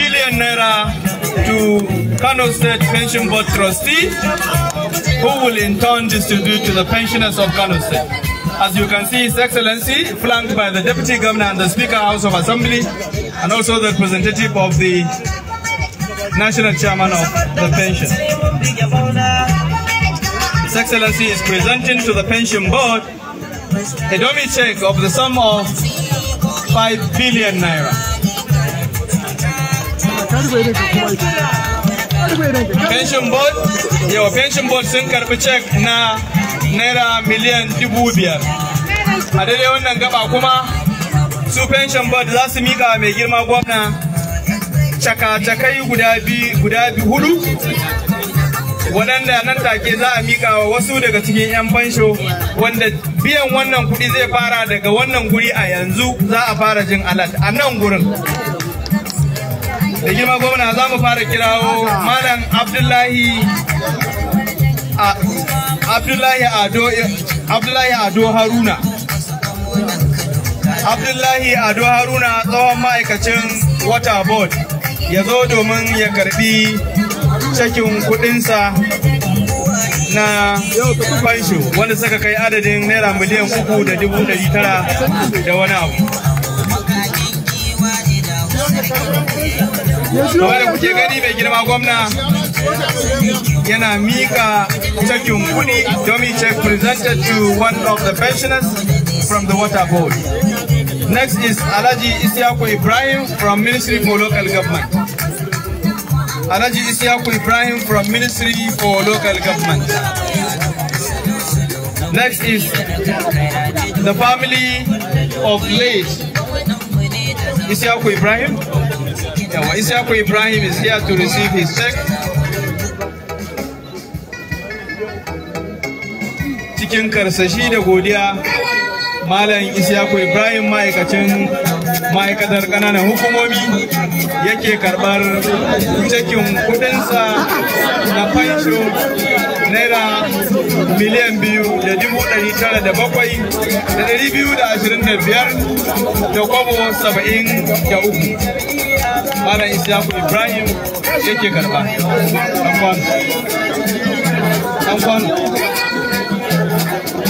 billion naira to Kano State Pension Board trustee, who will in turn distribute to the pensioners of Kano State. As you can see, His Excellency, flanked by the Deputy Governor and the Speaker House of Assembly, and also the representative of the National Chairman of the Pension. His Excellency is presenting to the Pension Board a dummy check of the sum of 5 billion naira. pension board yau pension board sun karbi cek na naira miliyan dubu biyar a daidai wannan gaba kuma su pension board za su mika mai girma gwamna cakacakai guda biyu guda biyu hudu waɗanda nan take za a mika wa wasu daga cikin 'yan fansho wanda biyan wannan kuɗi zai fara daga wannan guri a yanzu za a fara jin alat a nan gurin da girma gwamna za mu fara kirawo malam abdullahi abdullahi ado abdullahi ado haruna abdullahi ado haruna tsohon ma'aikacin water board ya zo domin ya karbi cikin kudinsa na fansho wanda suka kai adadin naira miliyan uku da dubu da wani abu Dole kuke gani mai girma gwamna yana mika cakin kuɗi domin check presented to one of the pensioners from the water board. Next is Alaji Isiaku Ibrahim from Ministry for Local Government. Alaji Isiaku Ibrahim from Ministry for Local Government. Next is the family of late Isiaku Ibrahim. Yawa Isiaku Ibrahim is here to receive his check. Cikin karsashi da godiya Malam Isiaku Ibrahim ma'aikacin ma'aikatar ƙananan hukumomi yake karɓar cikin kuɗinsa na fansho naira miliyan biyu da dubu ɗari tara da bakwai da ɗari biyu da ashirin da biyar da kwabo saba'in da uku malam isyaku ibrahim yake karɓa ɗan kwano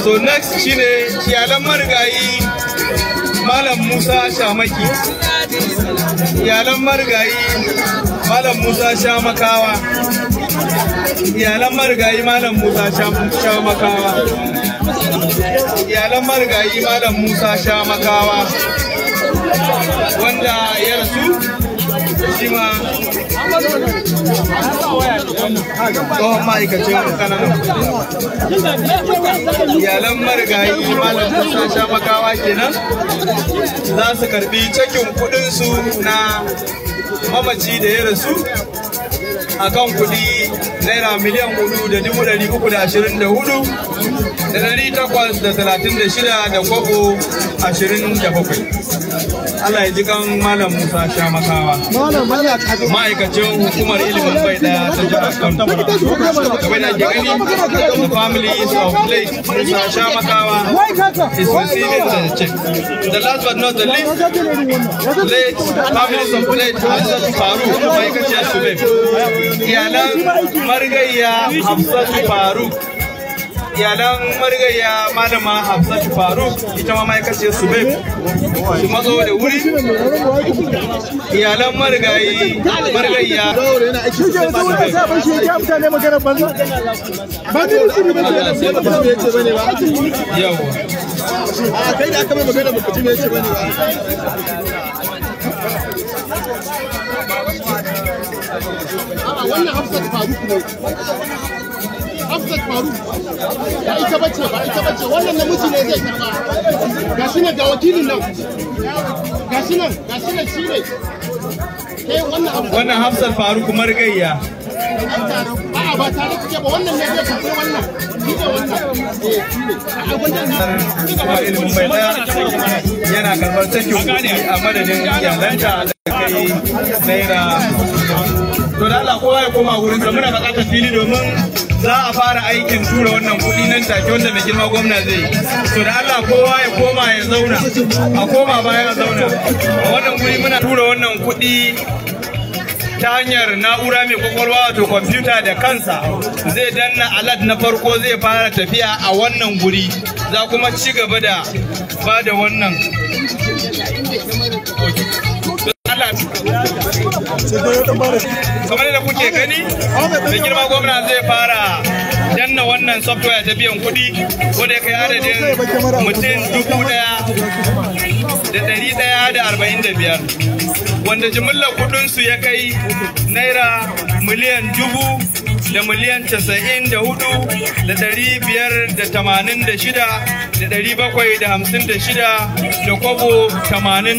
so next shine iyalan marigayi malam musa shamaki iyalan marigayi malam musa shamakawa iyalan marigayi malam musa sha makawa iyalan marigayi malam musa sha makawa, wanda ya rasu shi ma tsohon ma'aikacin kananan iyalan marigayi malam musa sha ke kenan za su karbi cakin kudinsu na mamaci da ya rasu akan kuɗi naira miliyan hudu da dubu ɗari uku da ashirin da hudu da ɗari takwas da talatin da shida da kwabo ashirin da bakwai. Allah ya ji kan Malam Musa Shamakawa. Ma'aikacin hukumar ilimin bai daya ta jihar Kano. Kamar da ke gani, the family is of late Musa Shamakawa is receiving the check. The last but not the least, late is of late Hazrat Faru, ma'aikaciyar Shubem. Iyalan marigayya Hafsat Faru. iyalan marigayya malama hafsatu faruk ita ma ma'aikaciyar su beb su matso da wuri iyalan marigayi marigayya a da a wannan hafsatu faruk ne Afsat Faru ba ita bace ba ita bace wannan namiji ne zai karba ga shi nan ga wakilin nan ga shi nan ga shi nan shi ne wannan Hafsat Faru kuma rigayya a'a ba tare kuke ba wannan ne zai karbi wannan shi ne wannan eh shi ne a wannan bai daya yana karbar take a madadin iyalanta da kai naira to da Allah kowa ya koma wurin sa muna bukatar fili domin za a fara aikin tura wannan kuɗi nan take wanda mai girma gwamna zai to da Allah kowa ya koma ya zauna a koma baya ya zauna a wannan guri muna tura wannan kuɗi ta hanyar na'ura mai kwakwalwa wato kwamfuta da kansa zai danna alat na farko zai fara tafiya a wannan guri za kuma ci gaba da ba da wannan kamar da kuke gani da girma gwamna zai fara danna wannan software ta biyan kuɗi wadda ya kai adadin mutum dubu daya da ɗari daya da arba'in da biyar wanda jimillar kuɗinsu ya kai naira miliyan dubu da miliyan casa'in da hudu da ɗari biyar da tamanin da shida da ɗari bakwai da hamsin da shida da kwabo tamanin da